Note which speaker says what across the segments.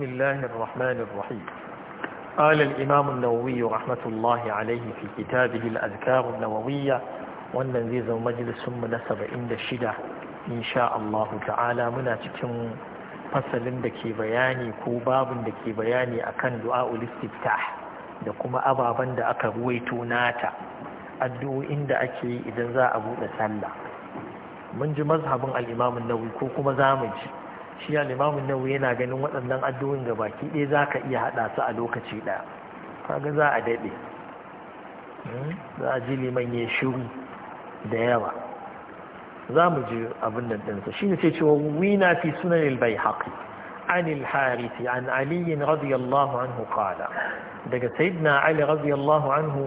Speaker 1: بسم الله الرحمن الرحيم قال الإمام النووي رحمة الله عليه في كتابه الأذكار النووية والنزيز مجلس منسب عند الشدة إن شاء الله تعالى مناتكم da ke bayani ko babin da ke bayani akan du'a'ul istiftah da kuma ababen da aka ruwaito nata addu'o'in da ake yi idan za buɗe sallah mun ji mazhabin ko kuma zamu shi ya limamin nawa yana ganin waɗannan addu'o'in ga baki ɗaya za ka iya haɗa su a lokaci ɗaya kaga za a daɗe hmm? za a ji liman ya shiru da yawa za mu ji abin da ɗansa. shi ne sai cewa wina fi sunan ilbai haƙi an ilharisi an aliyin radiyallahu anhu kala daga sayidina ali radiyallahu anhu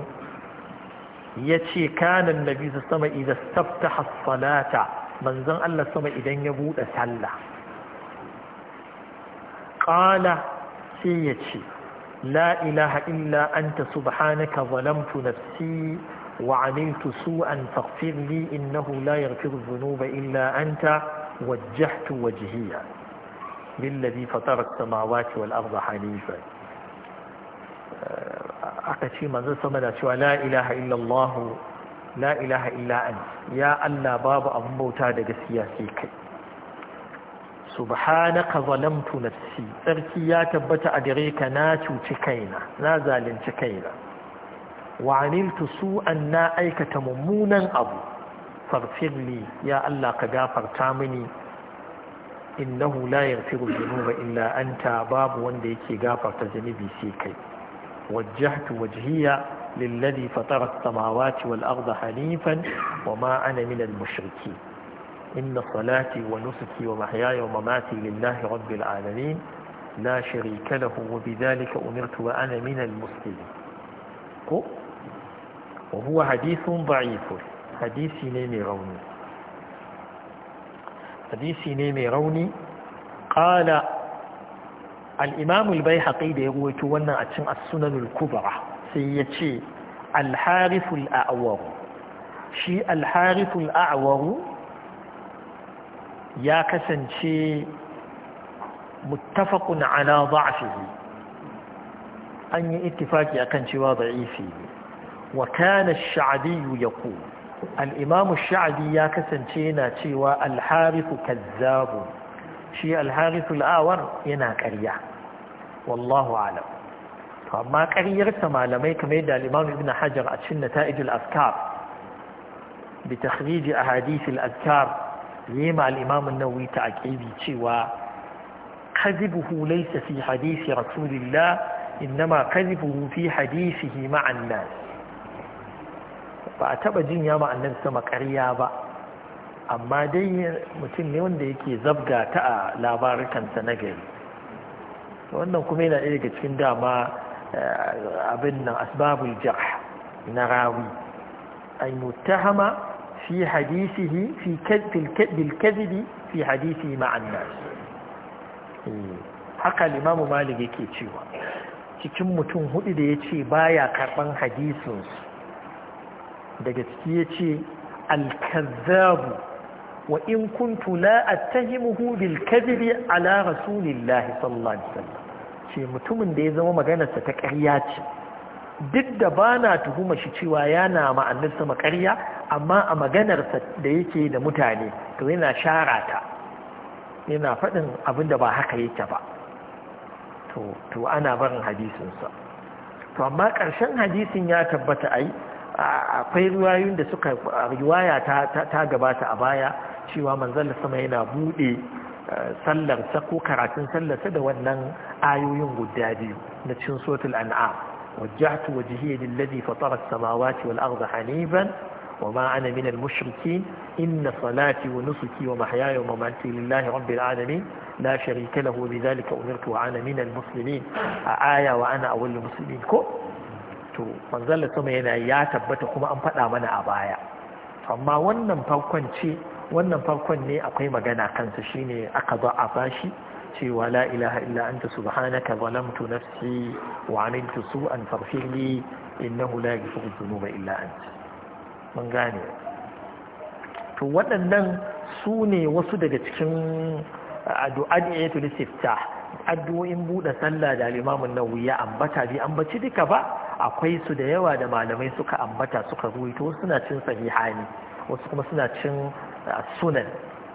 Speaker 1: ya ce kanan nabi su sama idan stafta hassalata manzan allah sama idan ya buɗe sallah ƙala sai ya ce la ilaha illa anta subhanaka zalamtu nafsi wa amiltu su'an faghfir li innahu la yaghfiru dhunuba illa anta wajjahtu wajhiya lil ladhi fatara as-samawati wal arda hanifan aka ce manzo sama da cewa la ilaha illa allah la ilaha illa an ya allah babu abun bauta da gaskiya sai kai subhanaka zalamtu nafsi tsarki ya tabbata a dare ka na cuci kaina na zalunci kaina wa aniltu su'an na aikata mummunan abu farfirli ya Allah ka gafarta mini innahu la yaghfiru dhunuba illa anta babu wanda yake gafarta zunubi sai kai wajjahtu wajhiya lilladhi fatara as-samawati wal arda hanifan wa ma ana minal mushrikeen إن صلاتي ونسكي ومحياي ومماتي لله رب العالمين لا شريك له وبذلك أمرت وأنا من المسلمين وهو حديث ضعيف حديث نيمي روني حديث نيمي روني قال الإمام البيحقي بيقويت وانا أتم السنن الكبرى سيتي الحارث الأعور شيء الحارث الأعور ya kasance muttafaqun ala da'fihi an yi ittifaki akan cewa da'ifi wa kana ash-sha'bi yaqul al-imam ash-sha'bi ya kasance yana cewa al-harith kazzab shi al-harith al-awar yana ƙarya wallahu a'lam to amma ƙaryarsa malamai kamar da al-imam ibn hajar a cikin nata'ij al-afkar bi takhrij ahadith al-azkar yema al'imamin imam ta nawawi ta'kidi cewa kadhibuhu laysa fi hadisi rasulillah innama kadhibuhu fi hadisihi ma'an nas ba a taɓa jin ya ma'annan sama ƙarya ba amma dai mutum ne wanda yake zabga ta a labarukansa na gari wannan kuma yana ɗaya daga cikin dama eh, abin nan asbabul jah na rawi ay mutahama في حديثه في بالكذب في حديثه مع الناس limamu malik yake cewa cikin mutum hudu da ya ce baya karɓan hadisinsu daga ciki ya ce alkazzabu wa in kuntu la attahimuhu bil kadhibi ala rasulillahi sallallahu alaihi wasallam ce mutumin da ya zama maganarsa ta ƙarya ce duk da ba na tuhuma shi cewa yana ma'anarsa sama amma a maganarsa da yake da mutane to yana shara ta yana faɗin abin da ba haka yake ba to ana barin hadisinsa to amma ƙarshen hadisin ya tabbata ai akwai ruwayoyin da suka riwaya ta gabata a baya cewa manzon sama yana buɗe eh, sallarsa ko karatun sallarsa da wannan ayoyin guda biyu na cin sotul an'am وجهت وجهي للذي فطر السماوات والأرض حنيفا وما أنا من المشركين إن صلاتي ونسكي ومحياي ومماتي لله رب العالمين لا شريك له بذلك أمرت وأنا من المسلمين آية وأنا أول المسلمين كو to manzon da sama yana ya tabbata kuma an faɗa mana a baya amma wannan farkon ce wannan farkon ne akwai magana kansa shine aka zo a bashi cewa la ilaha illa anta subhanaka zalamtu nafsi wa amiltu su'an farfir li innahu la yaghfiru dhunuba illa anta mun gane to waɗannan su ne wasu daga cikin addu'atu sifta addu'o'in buɗe sallah da al-Imam ya ambata bi an baci duka ba akwai su da yawa da malamai suka ambata suka ruwaito suna cin sahihani wasu kuma suna cin uh, sunan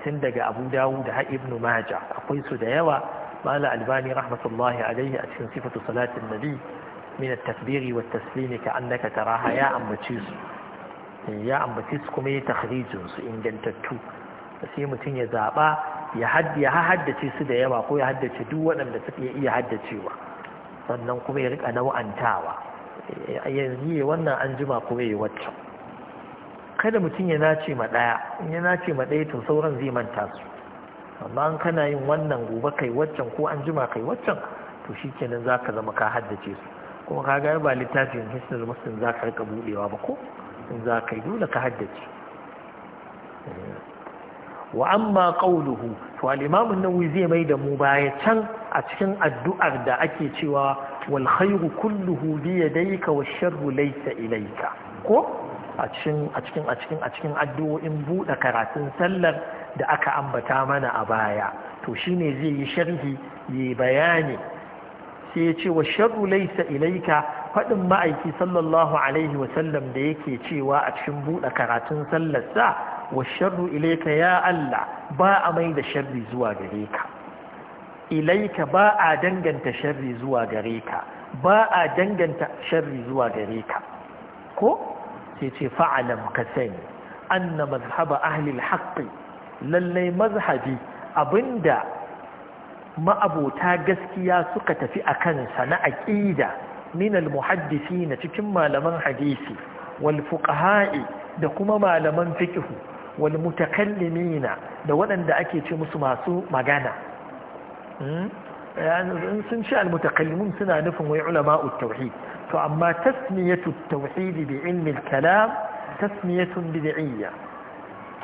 Speaker 1: tun daga abu dawud da ibnu maja akwai su da yawa mala albani rahmatullahi alaihi a cikin sifatu salatin nabi min at-takbiri wa taslimi ka annaka taraha ya ambace su eh, ya ambace su kuma ya takhrijin su ingantattu sai mutum ya zaba ya haddace su da yawa ko ya haddace duk waɗanda suke iya haddacewa sannan kuma ya rika nau'antawa eh, yanzu wannan an jima kuma ya waccan kada mutum ya nace ma ɗaya in ya nace ma ɗaya to sauran zai manta su amma an kana yin wannan gobe kai waccan ko an jima kai waccan to shi kenan za ka zama ka haddace su kuma ka ga ba littafin hisnul muslim za ka rika buɗewa ba ko in za ka yi dole ka haddace wa amma kauluhu to al-imam zai mai da mu baya can a cikin addu'ar da ake cewa wal khayru kulluhu bi yadayka wash sharru laysa ilayka ko a cikin a cikin a cikin a cikin addu'o'in buɗe karatun sallar da aka ambata mana a baya to shine zai yi sharhi yi bayani sai ya ce wa sharru laysa ilayka faɗin ma'aiki sallallahu alaihi wasallam da yake cewa a cikin buɗe karatun sallar sa wa sharru ilaika ya Allah ba a mai da sharri zuwa gare ka ilaika ba a danganta sharri zuwa gare ka ba a danganta sharri zuwa gare ka ko sai ce fa'alam ka sani anna mazhaba ahlil haƙƙi lallai mazhabi abinda ma'abota gaskiya suka tafi a kansa na aƙida minal muhaddisi na cikin malaman hadisi wal fuqaha'i da kuma malaman fikihu wal mutakallimina da waɗanda ake ce musu masu magana hmm? eh, sun ce al mutakallimun suna nufin wai ulama'ut tauhid To amma فأما تسمية kalam tasmiyatun bid'iyya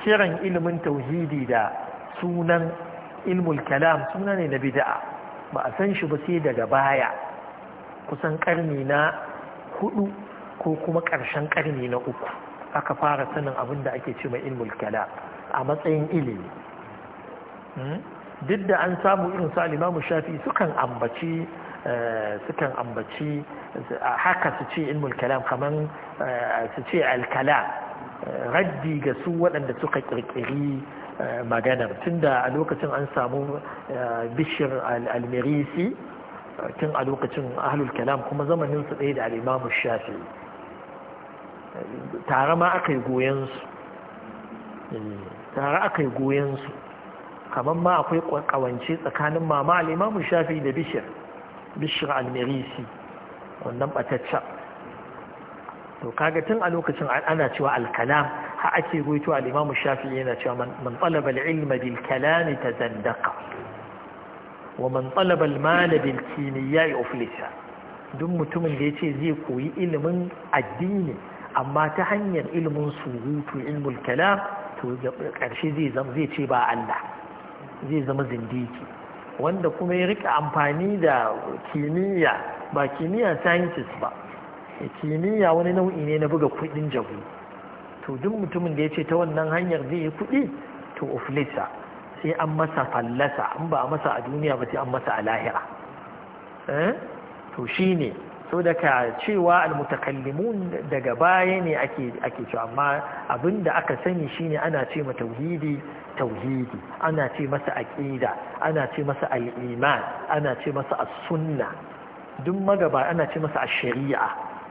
Speaker 1: kiran ilmin tauhidi da sunan دا kalam sunan ne na bid'a ba a san shi ba sai daga baya kusan karni na hudu ko kuma karshen karni na uku aka fara sanin abin da ake cewa mai ilmul kala a matsayin ilimi hmm? duk da an samu irin su alimamu shafi sukan ambaci Eh, sukan ambaci haka su ce ilmul kalam kamar eh, su ce alkala eh, raddi ga su waɗanda suka ƙirƙiri maganar tunda a lokacin an samu bishir almirisi tun a lokacin ahlul kalam kuma zamanin su ɗaya da al'imamu shafi tare ma aka yi su tare aka yi kamar ma akwai ƙawance tsakanin mama al'imamu shafi da bishir bishir al-mirisi wannan bataccen to kaga tun a lokacin ana cewa al-kalam ha ake goyito al imamu shafi'i yana cewa man talaba al-ilma bil kalam tazandaqa wa man talaba al-mal bil kimiyya uflisa duk mutumin da yace zai koyi ilimin addini amma ta hanyar ilimin surutu ilmul kalam to karshe zai zama zai ce ba Allah zai zama zindiki wanda kuma ya rika amfani da kimiyya ba kimiyya scientist ba eh, kimiyya wani nau'i ne na buga kudin jagu to duk mutumin da ya ce ta wannan hanyar zai yi kudi to ofilisa sai an masa fallasa an ba a masa a duniya ba sai an masa a lahira eh? to shi ne. so daga cewa almutakallimun daga baya ne ake cewa amma abinda aka sani shine ana ce ma tauhidi tauhidi ana ce masa aqida ana ce masa al-iman ana ce masa as-sunna duk magaba ana ce masa ash-shari'a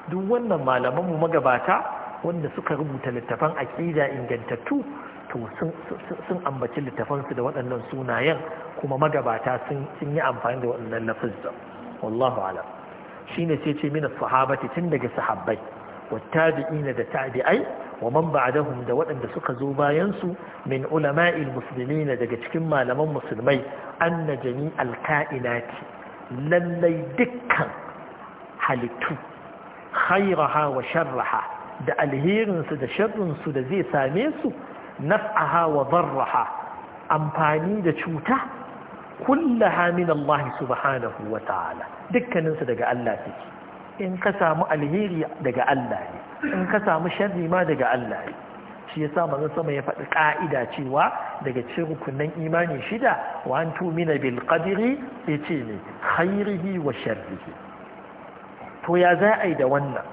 Speaker 1: duk wannan malaman mu magabata wanda suka rubuta littafan aqida ingantattu to sun ambaci littafan su da waɗannan sunayen kuma magabata sun yi amfani da waɗannan lafazza wallahu a'lam shine sai ce mina sahabati tun daga sahabbai wattabi'ina da tabi'ai wa man ba'dahum da waɗanda suka zo bayan su min ulama'il muslimin daga cikin malaman musulmai anna jami'al ka'inati lallai dukkan halittu khairaha wa sharraha da alherin su da sharrin su da zai same su naf'aha wa darraha amfani da cuta kullaha min Allah subhanahu wa ta'ala dukkaninsu daga Allah take in ka samu alheri daga Allah ne in ka samu sharri ma daga Allah ne shi sama ya faɗi ƙa'ida cewa daga cikin rukunin imani shida wa an tumina bil ya ce ne khairihi wa sharrihi to ya za a yi da wannan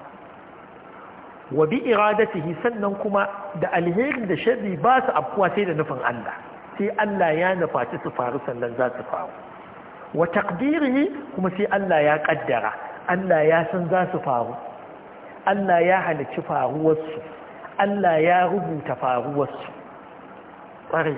Speaker 1: wa bi iradatihi sannan kuma da alheri da sharri ba su afkuwa sai da nufin Allah sai Allah ya nufaci su faru sannan za su faru wa takdirihi kuma sai Allah ya kaddara Allah ya san za su faru Allah ya halicci faruwarsu Allah ya rubuta faruwarsu ƙwarai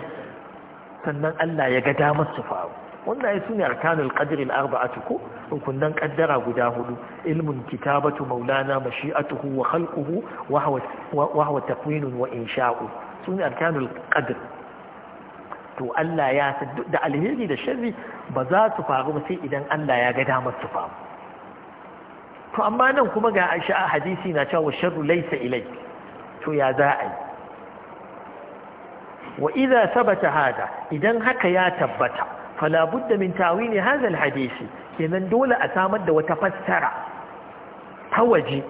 Speaker 1: sannan Allah ya ga damar su faru wannan ya sune arkanul qadri al-arba'atu ko kunnan kaddara guda hudu ilmun kitabatu maulana mashi'atuhu wa khalquhu wa huwa wa huwa takwinun wa insha'u sune arkanul qadr to Allah ya ta duk da alheri da sharri ba za su faru ba sai idan Allah ya ga damar su faru to amma nan kuma ga Aisha a hadisi na cewa sharru laysa ilai to ya za a yi wa idza sabata hada idan haka ya tabbata fala budda min tawili hadha alhadisi kenan dole a samar da wata fassara ta waje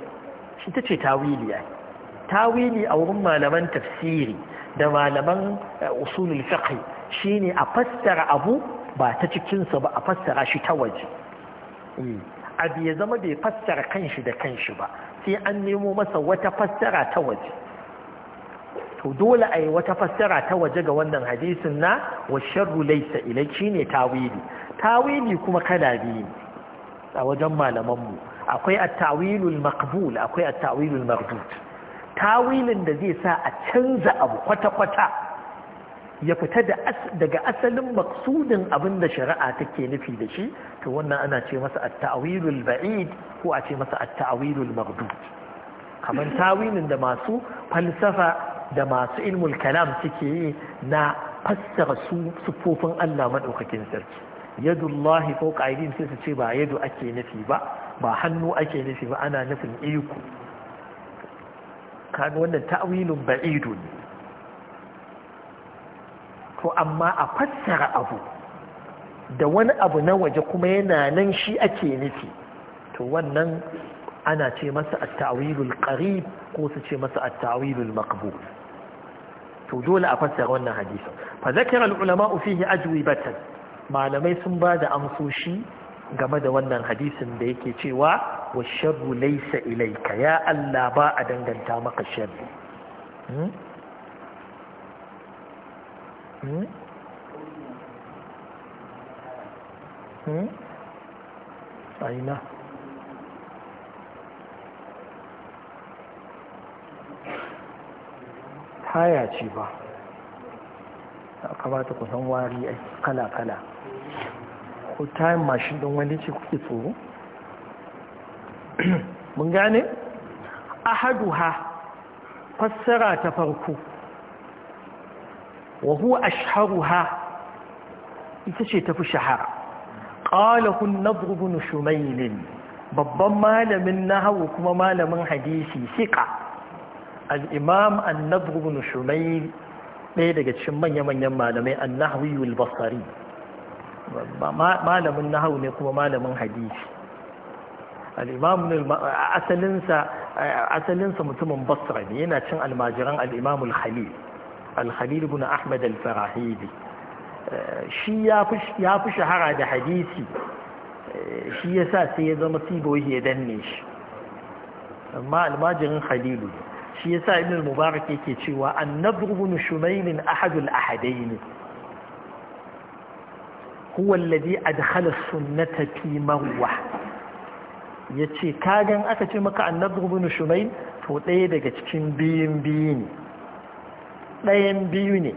Speaker 1: shi tace tawili tawili a wurin malaman tafsiri da malaman eh, usulul fiqh shine a fassara abu ba ta cikinsa ba a fassara shi ta waje hmm. abu ya zama bai fassara kanshi da kanshi ba sai an nemo masa wata fassara ta waje to dole a yi wata fassara ta waje ga wannan hadisin na wa sharru laysa ilayki ne tawili tawili kuma kala biyu a wajen malamanmu akwai at-tawilul maqbul akwai at-tawilul mardud tawilin da zai sa a canza abu kwata-kwata ya fita daga asalin maksudin abin da shari'a take nufi da shi to wannan ana ce masa at-ta'wilul ba'id ko a ce masa at-ta'wilul maghdud kamar tawilin da masu falsafa da masu ilmul kalam suke yi na fassara su sufofin Allah madaukakin sarki Yadu yadullahi fawqa ƙarin sai su ce ba yadu ake nufi ba ba hannu ake nufi ba ana nufin iko kan wannan ta'wilun ba'idun to amma a fassara abu da wani abu na waje kuma yana nan shi ake nufi to wannan ana ce masa at-ta'wilul qarib ko su ce masa at-ta'wilul maqbul to dole a fassara wannan hadisin fa zakara al-ulama fihi ajwibatan malamai sun bada da amsoshi game da wannan hadisin da yake cewa wa sharru laysa ilayka ya Allah ba a danganta maka sharri hmm? hmm? hmm? aina haya ce ba kamata ku san wari kala-kala ko tayin mashin don wani ce kuke tsoro mun gane ha fassara ta farko wa huwa ha ita ce tafi shahara qalahu an-nadr shumayl babban malamin nahwu kuma malamin hadisi siqa al'imam imam an-nadr ibn shumayl ɗaya daga cikin manya-manyan malamai an-nahwi wal-basri malamin nahwu ne kuma malamin hadisi al'imamun asalinsa mutumin basra ne yana cin almajiran al'imamul khalil al ahmad al-farahidi eh, shi ya fi shahara da hadisi eh, shi ya sa sai ya zama siboyi ya danne shi amma almajirin khalilu shi ya sa ibn mubarak yake cewa annabru ibn shumailin ahadul ahadaini huwa alladhi adkhala sunnata fi marwa ya ce kagan aka ce maka annabi bin Shumai to ɗaya daga cikin biyun biyu ne ɗayan biyu ne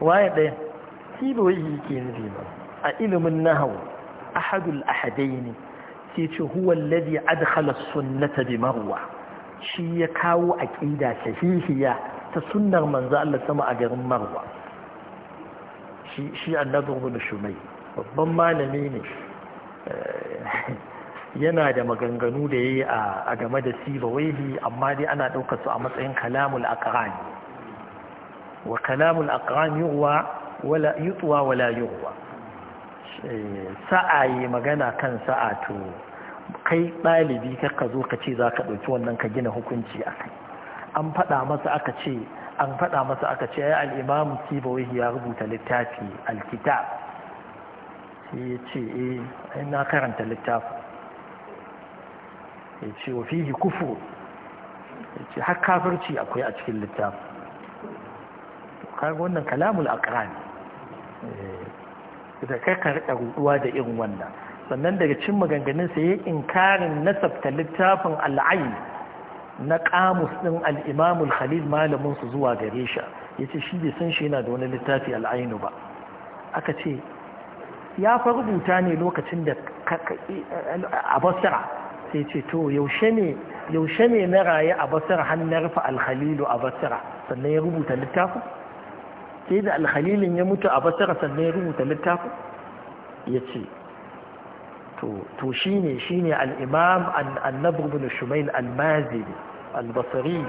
Speaker 1: waye ɗayan kiboyi yake nufi ba a ilimin nahau ahadul ahadai ne sai ce huwa ladi adkhala sunnata bi marwa shi ya kawo aqida sahihiya ta sunnar manzo Allah sama a garin marwa shi shi annabi bin shumai babban malami ne eh, yana da maganganu da ya yi a game da siba waihi amma dai ana ɗaukar su a matsayin kalamul akarani wa kalamul akarani yuwa wala wala yuwa eh, sa'a yi magana kan sa'a to kai ɗalibi ka zo ka ce za ka ɗauki wannan ka gina hukunci a kai an faɗa masa aka ce an faɗa masa aka ce ya al'imamu sibawai ya rubuta littafi alkitab sai ya ce eh na karanta littafi ya ce wa fihi kufu ya ce har kafirci akwai a cikin littafi kaga wannan kalamul aqran eh, da kai ka rika ruduwa da irin wannan sannan daga cin maganganun sa yayin inkarin nasabta littafin al na kamus ɗin al'imamul imam al-khalil malamin zuwa gare shi yace shi bai san shi yana da wani littafi al ba aka ce ya fa rubuta ne lokacin da a sai ce to yaushe ne na raye a basira hannar fa alhalilu a basira sannan ya rubuta littafin sai da alhalilin ya mutu a basira sannan ya rubuta littafin ya ce to shi ne shi ne al'imam annabu bin shumail almazini albasari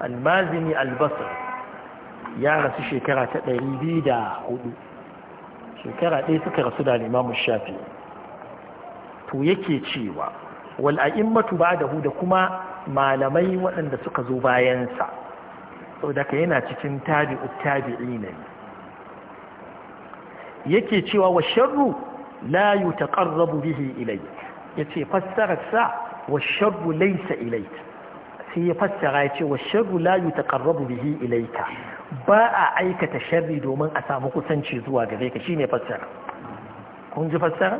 Speaker 1: almazini albasar ya rasu shekara ta ɗari biyu da hudu shekara ɗaya suka rasu da al'imamu shafi to yake cewa wal ba ba'dahu da kuma malamai waɗanda suka zo bayansa saboda ka yana cikin tabi'u ne yake cewa wa sharru ta yutaqarrabu bihi ilayk ya fassarar sa wa sharru laisa ilai, sai ya fassara yace wa sharru ta yutaqarrabu bihi ilayka ba a aikata sharri domin a samu kusanci zuwa gare ka shine fassara kun ji fassara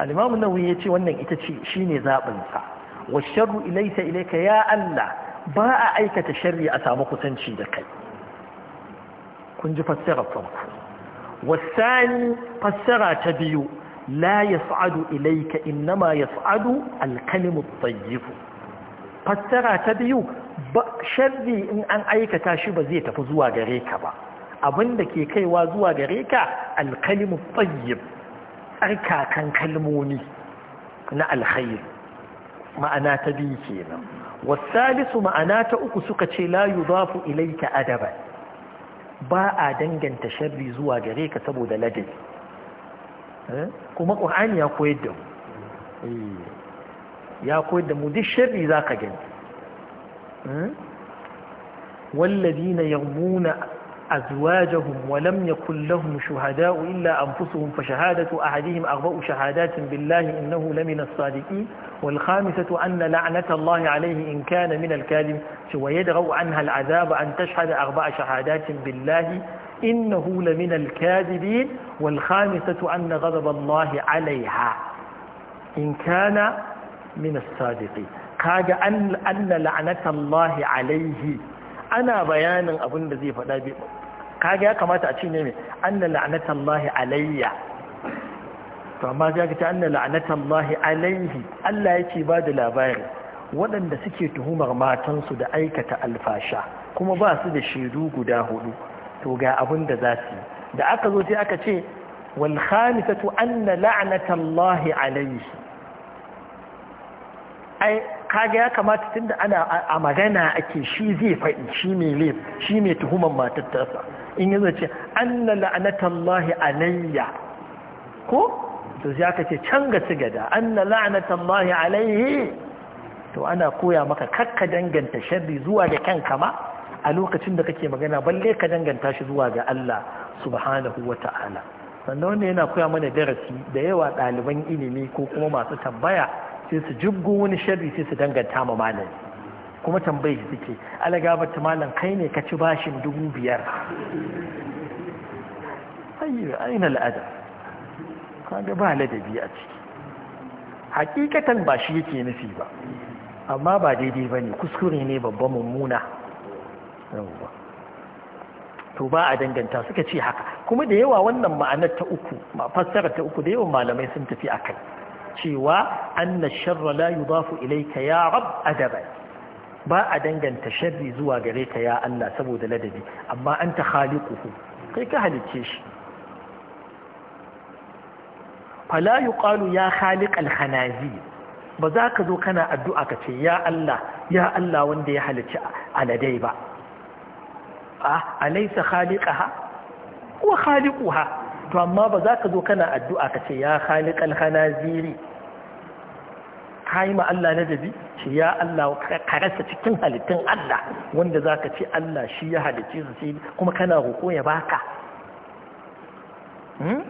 Speaker 1: al-imam ya ce wannan ita ce shine zabin sa wa sharru ilayka ilayka ya Allah ba a aikata sharri a samu kusanci da kai kun ji fassara farko wasani fassara ta biyu la yas'adu ilayka innama yas'adu al-kalimu at fassara ta biyu sharri in an aikata shi ba zai tafi zuwa gare ka ba abinda ke kaiwa zuwa gare ka alkalimu kalimu tsarkakan kalmoni na alkhairu, ma'ana ta biyu kenan wasalisu ma'ana ta uku suka ce layu la yudafu ilayka adaban ba a danganta sharri zuwa gare ka saboda ladabi eh? kuma qur'ani ya koyar da mu eh, ya koyar da mu duk sharri zaka gani والذين hmm? يرمون أزواجهم ولم يكن لهم شهداء إلا أنفسهم فشهادة أحدهم أربع شهادات بالله إنه لمن الصادقين والخامسة أن لعنة الله عليه إن كان من الكاذب ويدعو عنها العذاب أن تشهد أربع شهادات بالله إنه لمن الكاذبين والخامسة أن غضب الله عليها إن كان من الصادقين قال أن لعنة الله عليه ana bayanin abin da zai faɗa bai kage ya kamata a ce ne mai anna la'natallahi alayya to amma ga ta anna la'natallahi alayhi Allah yake ba da labari waɗanda suke tuhumar matansu da aikata alfasha kuma ba su da shaidu guda hudu to ga abin da za su da aka zo sai aka ce wal khamisatu anna la'natallahi alayhi ai kaga ya kamata tun da ana a magana ake shi zai faɗi shi mai laif shi mai tuhuman sa in yi zace anna la'anatallahi alayya ko to sai aka ce can ga sigada anna la'anatallahi alayhi to ana koya maka kakka danganta sharri zuwa da kanka ma a lokacin da kake magana balle ka danganta shi zuwa ga Allah subhanahu wa ta'ala sannan wannan yana koya mana darasi da yawa ɗaliban ilimi ko kuma masu tambaya sai su jibgo wani sharri sai su danganta ma malami kuma tambayi shi suke alagabata malam kai ne ka ci bashin dubu biyar aina la'ada, kaga ba ladabi a ciki hakikatan ba shi yake nufi ba amma ba daidai ba ne kuskure ne babban mummuna to ba a danganta suka ce haka kuma da yawa wannan ma'anar ta uku fassara ta uku da yawan malamai sun tafi a kai. cewa anna sharra la yudafu ilaika ya rab adaba ba a danganta sharri zuwa gare ka ya Allah saboda ladabi amma anta khaliquhu kai ka halicce shi fala yuqalu ya khaliq alhanazi ba za ka zo kana addu'a ka ce ya Allah ya Allah wanda ya halicci aladai ba a alaysa khaliqaha wa khaliquha to amma ba za ka zo kana addu'a ka ce ya khaliqal khanaziri kai ma Allah na dabi ce ya Allah ka rasa cikin halittun Allah wanda za ka ce Allah shi ya halicce su sai kuma kana roƙo ya baka hmm?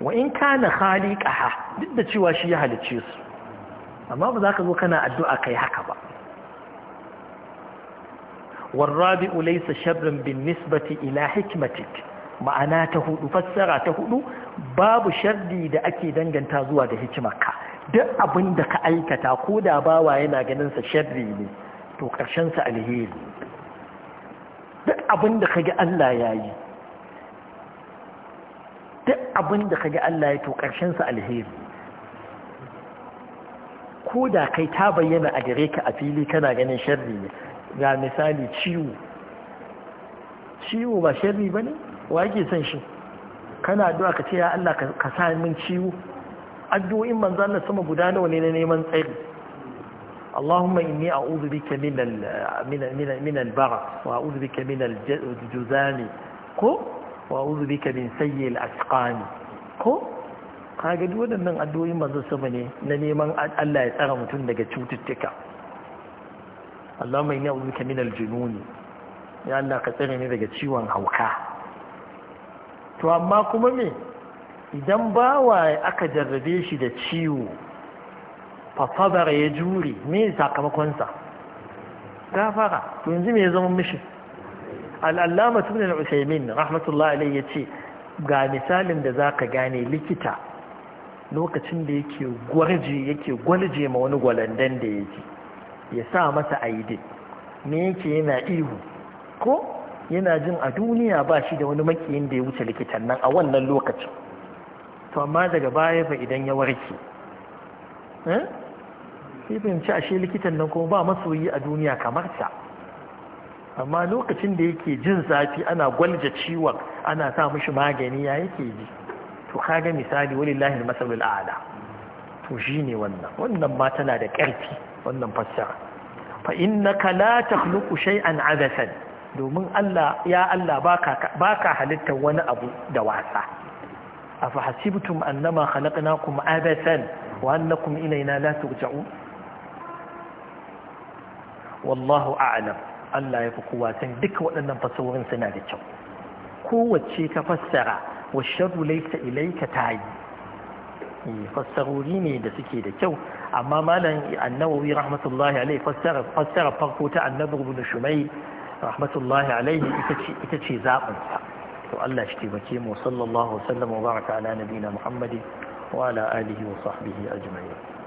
Speaker 1: wa in kana khaliqaha duk da cewa shi ya halicce su amma ba za ka zo kana addu'a ka yi haka ba والرابع ليس bin nisbati إلى حكمتك ma'ana ta hudu fassara ta hudu babu shardi da ake danganta zuwa da hikimarka duk abin da ka aikata ko da bawa yana ganin sa sharri ne to karshen sa alheri duk abin da kage Allah ya yi. duk abin da kage Allah ya to karshen sa alheri ko da kai ta bayyana a gare ka a fili kana ganin shardi ne ga misali ciwo ciwo ba ba ne? wa yake son shi kana addu'a ka ce ya Allah ka sa min ciwo addu'o'in manzo Allah sama guda nawa ne na neman tsari Allahumma inni a'udhu bika min al min al-bara wa a'udhu bika min al juzani ko wa a'udhu bika min sayyi al asqan ko kaga duk waɗannan addu'o'in manzo sama ne na neman Allah ya tsara mutum daga cututtuka Allahumma inni a'udhu bika min al-jununi ya Allah ka tsare ni daga ciwon hauka to amma kuma me idan bawa aka jarrabe shi da ciwo fafabar ya jure me sakamakonsa gafara to yanzu me ya zama mishi al'allama tun da usaimin rahmatullahi alai ya ce ga misalin da za ka gane likita lokacin da yake gwarje yake gwalje ma wani gwalandan da yake ya sa masa aidi me yake yana ihu ko yana jin a duniya ba shi da wani makiyin da ya wuce likitan nan a wannan lokacin to amma daga baya ba idan ya warke eh? sai fahimci ashe likitan nan kuma ba masoyi a duniya kamar ta amma lokacin da yake jin zafi ana gwalja ciwon ana sa mishi magani ya yake ji to kaga misali wani lahin masalul a'la to shine wannan wannan ma tana da ƙarfi wannan fassara fa innaka la takhluqu an abathan domin Allah ya Allah ba ka halittar wani abu da wasa A hasibtum annama khalaqnakum abathan wa annakum ilayna la turja'un wallahu a'lam Allah ya fi kowa san duka waɗannan fasahohin suna da kyau kowace ka fassara wa sharru laysa ilayka tayi eh, fassarori ne da suke da kyau amma malam annawawi rahmatullahi alaihi fassara fassara farko ta annabi ibn shumayl rahmatullahi alaihi ita ce zaɓinsa to Allah shi taimake mu sallallahu wasallam wa baraka ala nabina Muhammadin wa ala alihi wa sahbihi ajma'in